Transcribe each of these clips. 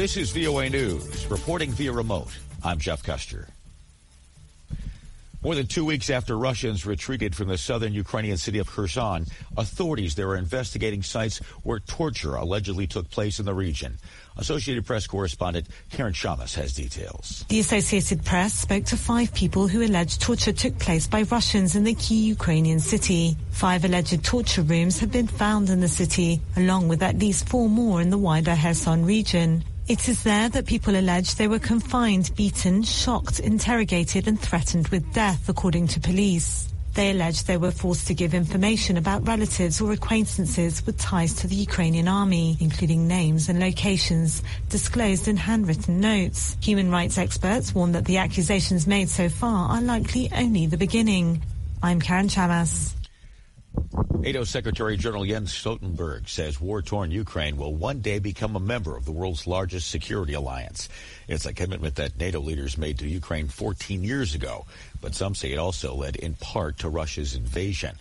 This is VOA News, reporting via remote. I'm Jeff Custer. More than two weeks after Russians retreated from the southern Ukrainian city of Kherson, authorities there are investigating sites where torture allegedly took place in the region. Associated Press correspondent Karen Shamas has details. The Associated Press spoke to five people who alleged torture took place by Russians in the key Ukrainian city. Five alleged torture rooms have been found in the city, along with at least four more in the wider Kherson region. It is there that people allege they were confined, beaten, shocked, interrogated, and threatened with death, according to police. They allege they were forced to give information about relatives or acquaintances with ties to the Ukrainian army, including names and locations disclosed in handwritten notes. Human rights experts warn that the accusations made so far are likely only the beginning. I'm Karen Chamas. NATO Secretary General Jens Stoltenberg says war torn Ukraine will one day become a member of the world's largest security alliance. It's a commitment that NATO leaders made to Ukraine 14 years ago, but some say it also led in part to Russia's invasion.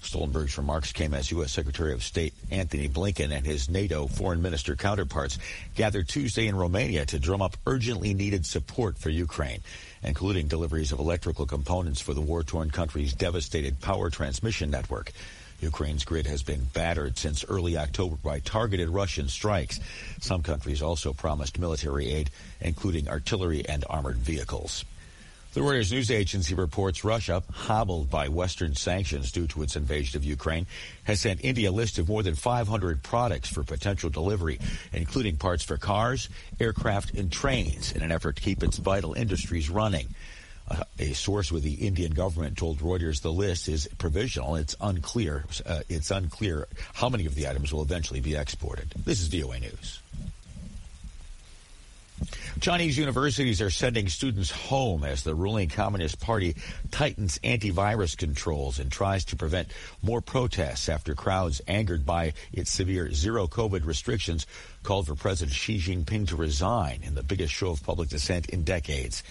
Stoltenberg's remarks came as U.S. Secretary of State Anthony Blinken and his NATO foreign minister counterparts gathered Tuesday in Romania to drum up urgently needed support for Ukraine, including deliveries of electrical components for the war torn country's devastated power transmission network. Ukraine's grid has been battered since early October by targeted Russian strikes. Some countries also promised military aid, including artillery and armored vehicles. The Reuters news agency reports Russia, hobbled by Western sanctions due to its invasion of Ukraine, has sent India a list of more than 500 products for potential delivery, including parts for cars, aircraft, and trains, in an effort to keep its vital industries running a source with the Indian government told Reuters the list is provisional. It's unclear. Uh, it's unclear how many of the items will eventually be exported. This is VOA News. Chinese universities are sending students home as the ruling Communist Party tightens antivirus controls and tries to prevent more protests after crowds angered by its severe zero COVID restrictions called for President Xi Jinping to resign in the biggest show of public dissent in decades.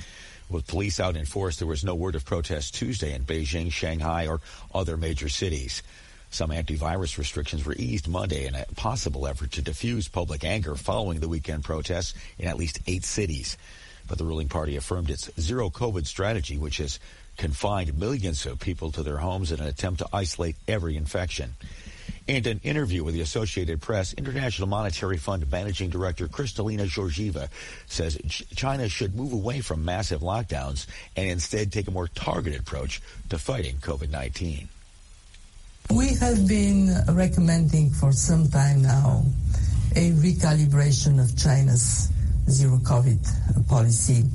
With police out in force, there was no word of protests Tuesday in Beijing, Shanghai, or other major cities. Some antivirus restrictions were eased Monday in a possible effort to diffuse public anger following the weekend protests in at least eight cities. But the ruling party affirmed its zero COVID strategy, which has confined millions of people to their homes in an attempt to isolate every infection. In an interview with the Associated Press, International Monetary Fund Managing Director Kristalina Georgieva says China should move away from massive lockdowns and instead take a more targeted approach to fighting COVID 19. We have been recommending for some time now a recalibration of China's zero COVID policy,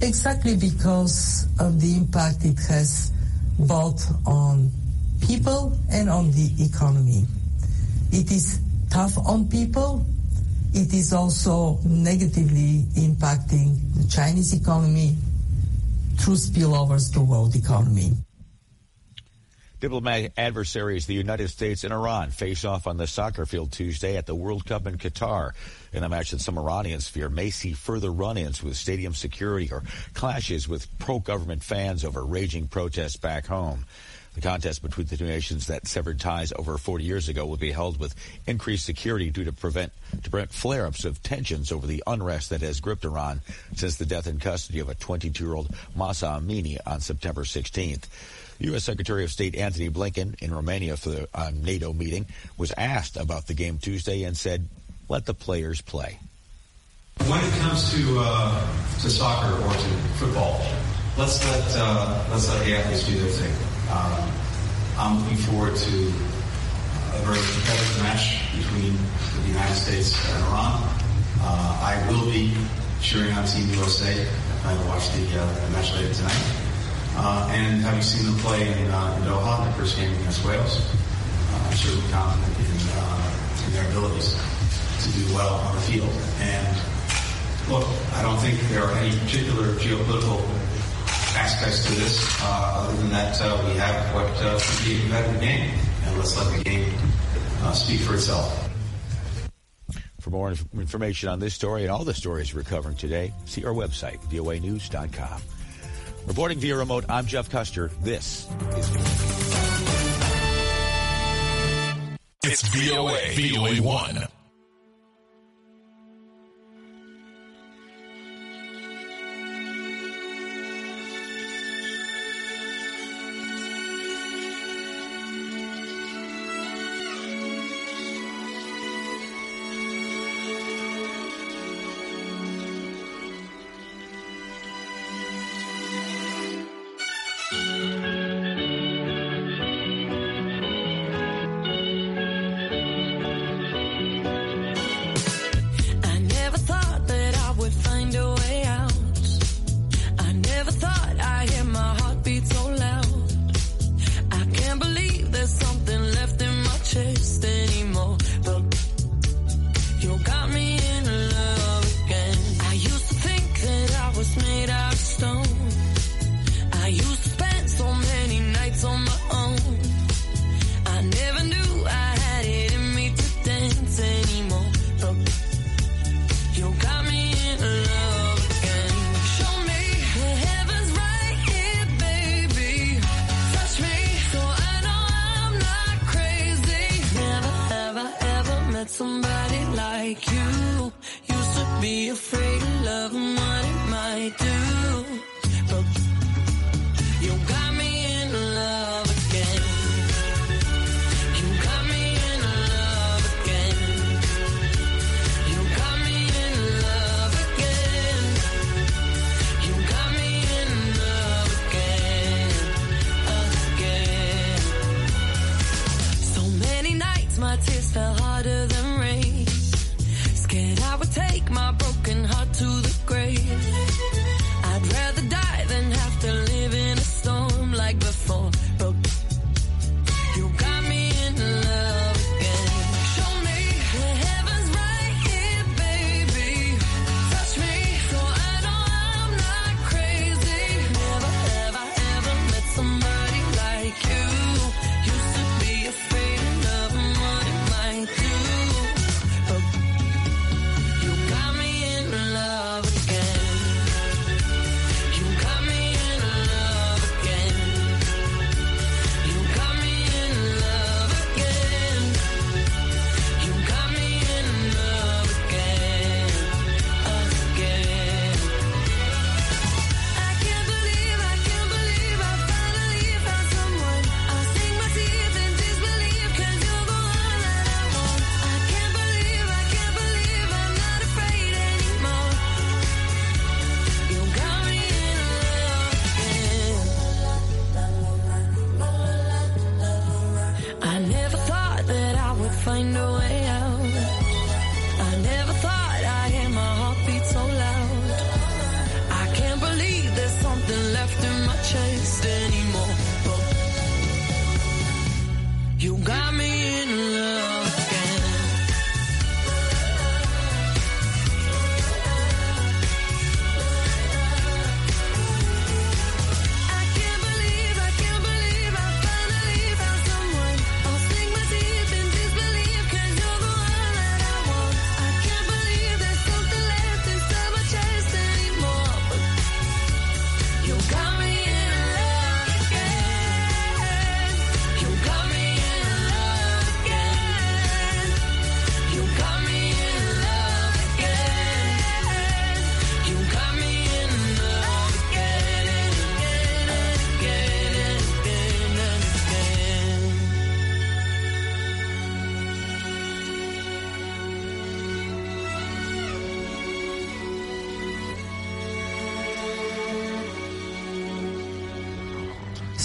exactly because of the impact it has both on people and on the economy. It is tough on people. It is also negatively impacting the Chinese economy through spillovers to world economy. Diplomatic adversaries, the United States and Iran, face off on the soccer field Tuesday at the World Cup in Qatar. In a match that some Iranians fear may see further run-ins with stadium security or clashes with pro-government fans over raging protests back home. The contest between the two nations that severed ties over 40 years ago will be held with increased security due to prevent to prevent flare-ups of tensions over the unrest that has gripped Iran since the death in custody of a 22-year-old Masa Amini on September 16th. U.S. Secretary of State Anthony Blinken in Romania for the uh, NATO meeting was asked about the game Tuesday and said, "Let the players play." When it comes to uh, to soccer or to football, let's let uh, let's let the athletes do their thing um, I'm looking forward to a very competitive match between the United States and Iran. Uh, I will be cheering on Team USA. I will watch the uh, match later tonight. Uh, and having seen them play in, uh, in Doha, the first game against Wales, uh, I'm certainly confident in, uh, in their abilities to do well on the field. And look, I don't think there are any particular geopolitical aspects to this. Uh, other than that, uh, we have what uh, the game had game, and let's let the game uh, speak for itself. For more inf- information on this story and all the stories we're covering today, see our website, voanews.com. Reporting via remote, I'm Jeff Custer. This is It's VOA, VOA1.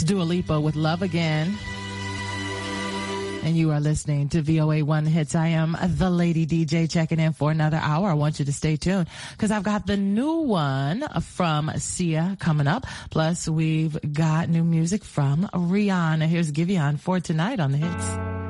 Dua Lipa with Love Again. And you are listening to VOA One Hits. I am the lady DJ checking in for another hour. I want you to stay tuned because I've got the new one from Sia coming up. Plus we've got new music from Rihanna. Here's Givion for tonight on the hits.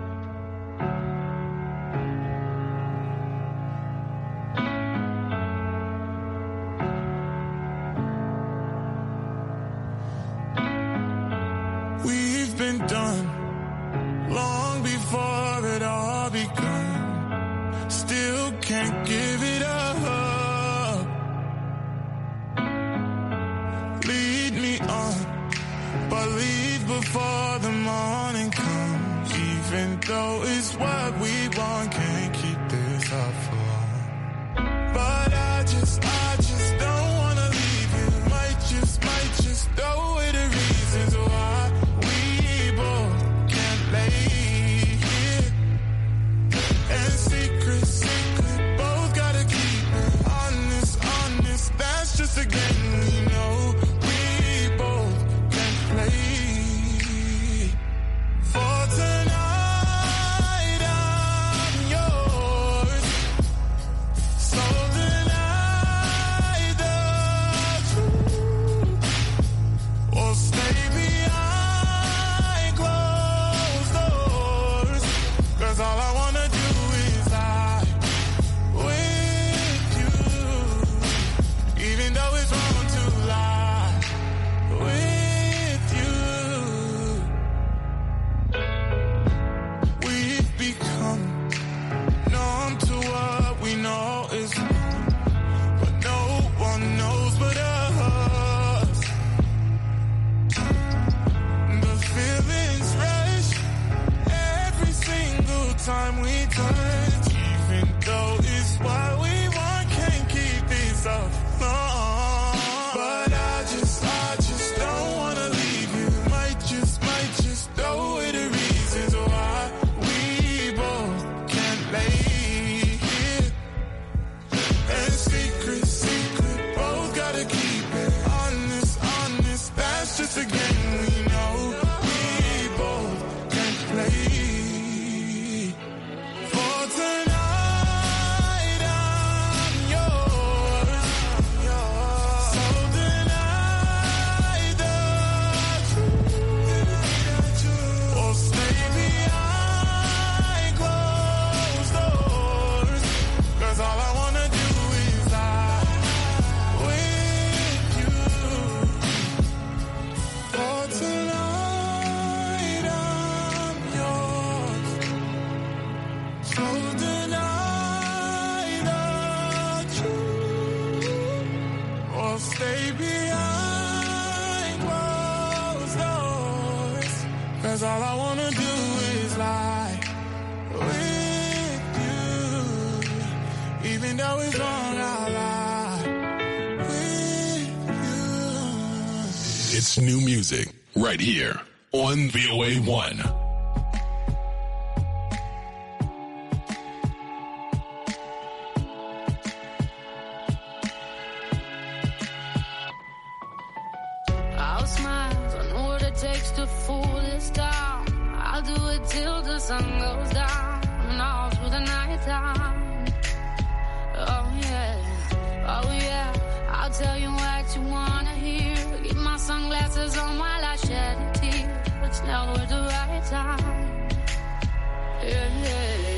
time we touch, even though it's wild. Cause all I wanna do is lie with you. Even though it's wrong, I lie with you. It's new music right here on VOA 1. blinders on while I shed a tear. It's now the right time. yeah. yeah.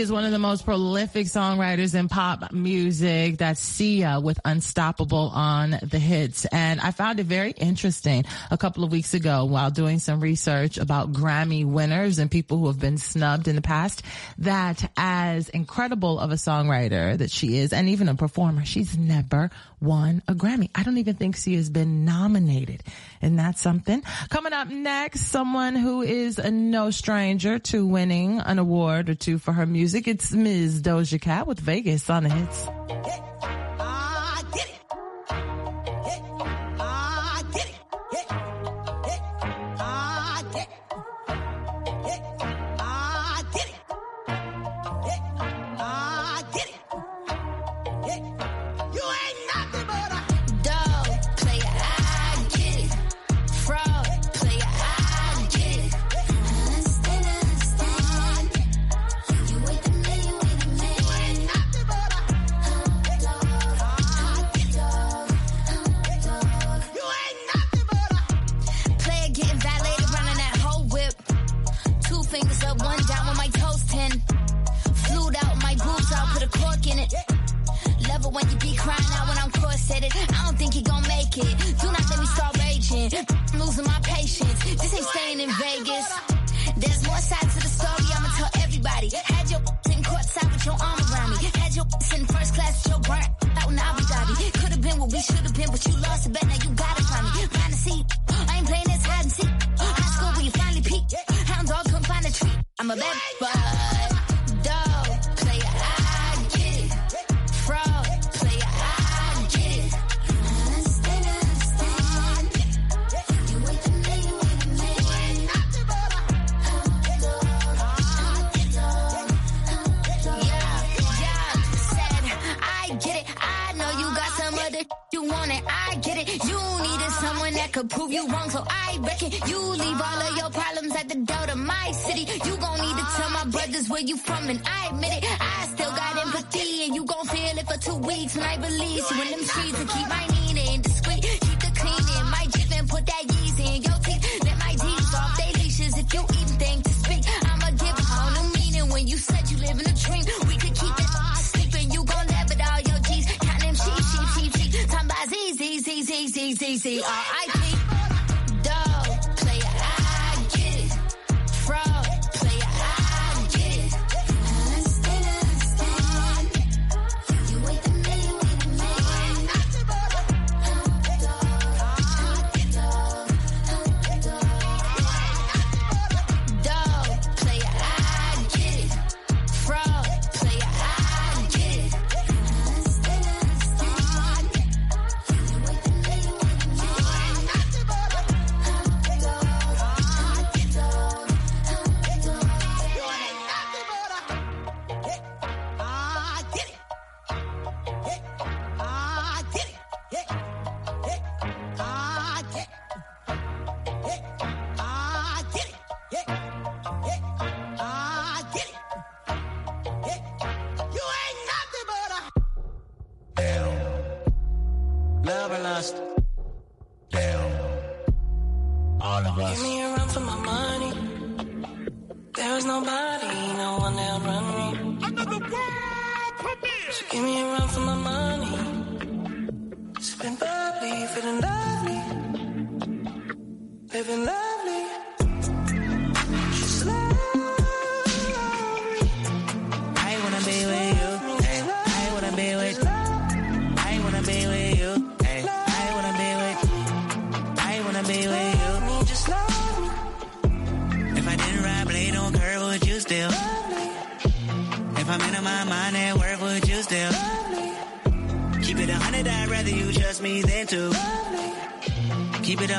is one of the most prolific songwriters in pop music. That's Sia with Unstoppable on the hits. And I found it very interesting a couple of weeks ago while doing some research about Grammy winners and people who have been snubbed in the past that as incredible of a songwriter that she is and even a performer, she's never won a Grammy. I don't even think she has been nominated. And that's something. Coming up next, someone who is no stranger to winning an award or two for her music music. It's Ms. Doja Cat with Vegas on the hits. my bed. Breezy.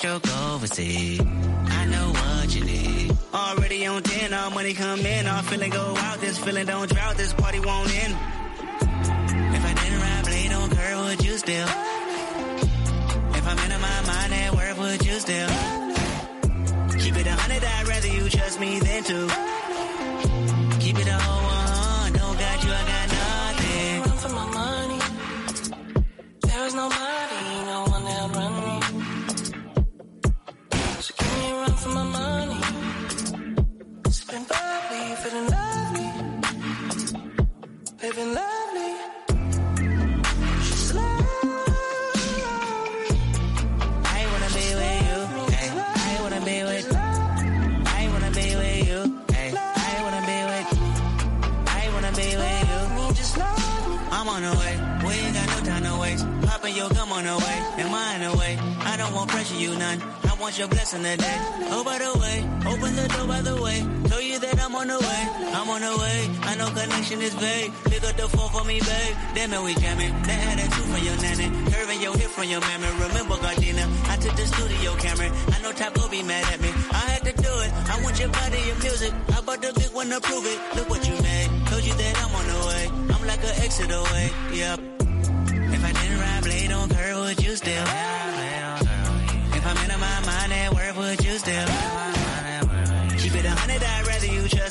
stroke overseas. I know what you need. Already on 10, all money come in, all feeling go out. This feeling don't drought, this party won't end. If I didn't ride blade on curve, would you still? If I'm in my mind at work, would you still? Keep it a hundred, I'd rather you trust me than to. Keep it all one, don't got you, I got nothing. Run for my money, there is no money. for my money. lovely. lovely. lovely. I wanna be with you. I wanna be with I wanna be with you. I wanna be with I wanna be with you. I'm on the way. We ain't got no time to waste. Popping your gum on the way. And mine away. I don't want pressure, you none want your blessing today. Oh, by the way, open the door, by the way. Tell you that I'm on the way. I'm on the way. I know connection is vague. Pick up the phone for me, babe. Damn it, we jamming. That had a two from your nanny. Curving your hip from your mammy. Remember, Gardena, I took the studio camera. I know Taco be mad at me. I had to do it. I want your body, your music. I bought the big one to prove it. Look what you made. Told you that I'm on the way. I'm like an exit away. Yep. If I didn't ride blade on curve, would you still have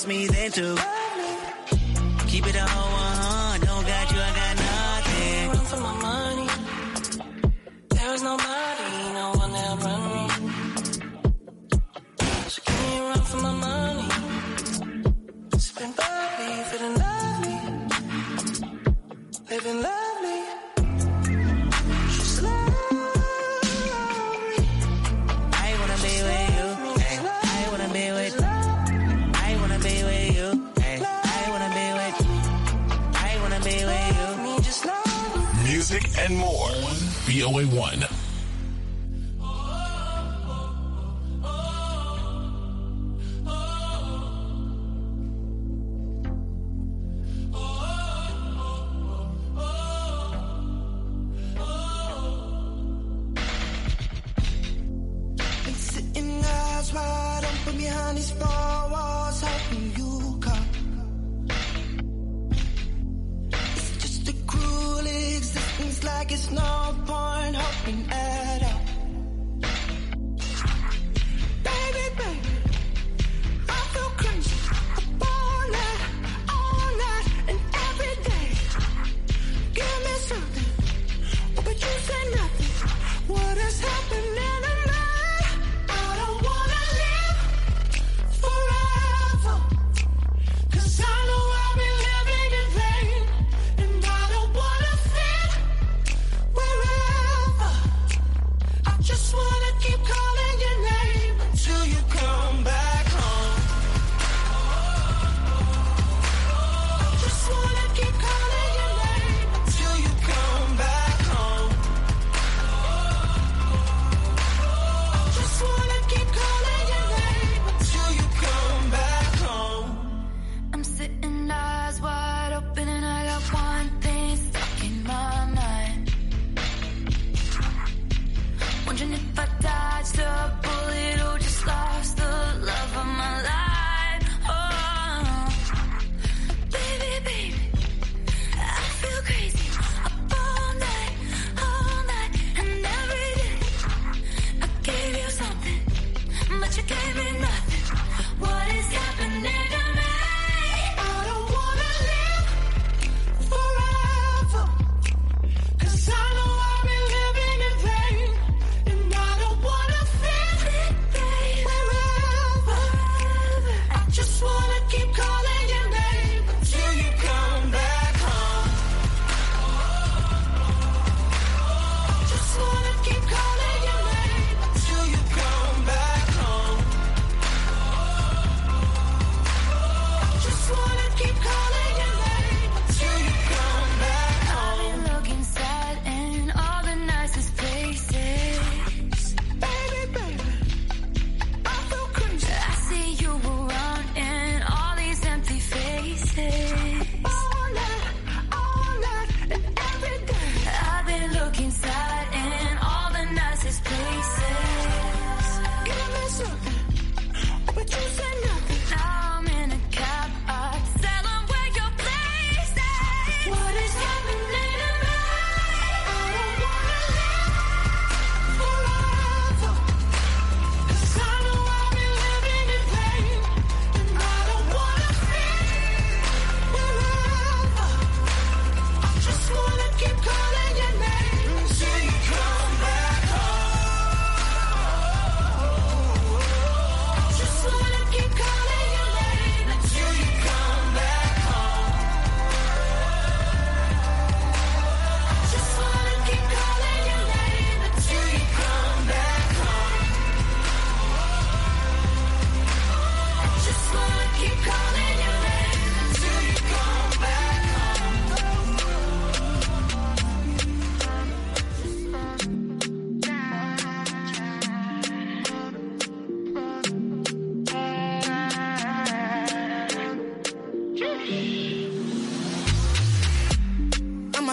me then too. and more on VOA1. Wide open behind these bars it's no point hoping.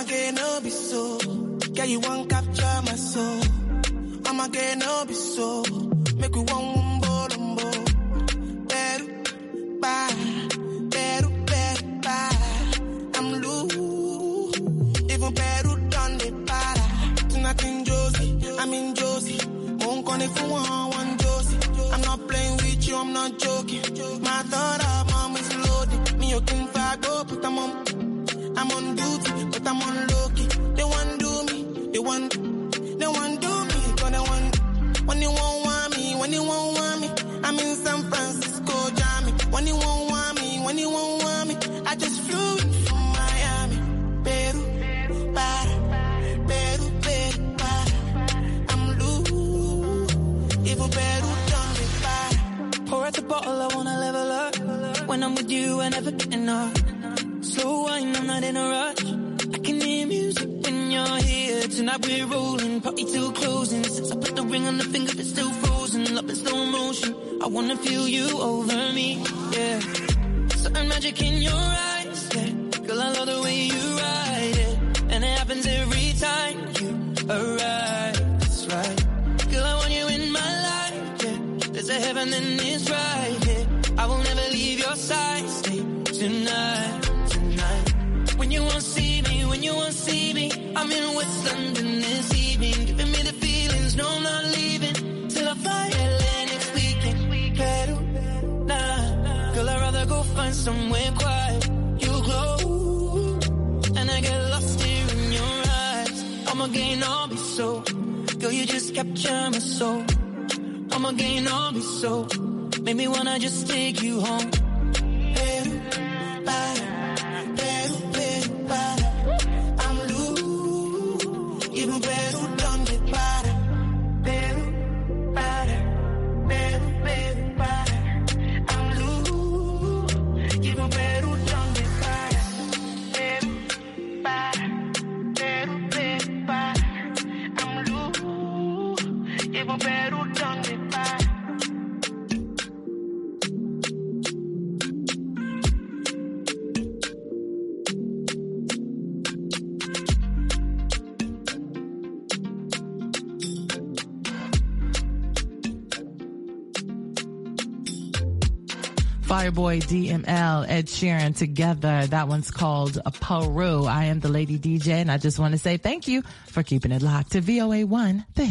I'ma get no be so. girl you won't capture my soul. I'ma get no be so. Make you one wumbo lumbo. Better, bye. Better, better, bye. I'm loose. Even better done the para. Tonight in Josie, I'm in Josie. Won't call it for one, one Josie. I'm not playing with you, I'm not joking. My thought of mom is loaded. Me, you can on duty, but I'm on low key. They want do me, they want, they want do me, but they want. When they won't want me, when they won't want me, I'm in San Francisco, Jami. When they won't want me, when they won't want me, I just flew in from Miami, Peru, para, Peru, Peru, para. I'm loose, even Peru done me para. Pour out the bottle, I wanna level up. When I'm with you, I never get enough slow wine, I'm not in a rush. I can hear music when you're here. Tonight we're rolling, party till closing. Since I put the ring on the finger, it's still frozen. Love in slow motion. I wanna feel you over me, yeah. Certain magic in your eyes, yeah. Girl, I love the way you ride it, and it happens every time you arrive. That's right. Girl, I want you in my life, yeah. There's a heaven and I'm in West London this evening, giving me the feelings. No, I'm not leaving till I fly LA next weekend. Pedal, nah, girl, I'd rather go find somewhere quiet. You glow, and I get lost here in your eyes. I'ma gain all be so, girl, you just capture my soul. I'ma gain all be so, make me wanna just take you home. Boy DML, Ed Sheeran together. That one's called Peru. I am the lady DJ and I just want to say thank you for keeping it locked to VOA1, the hit.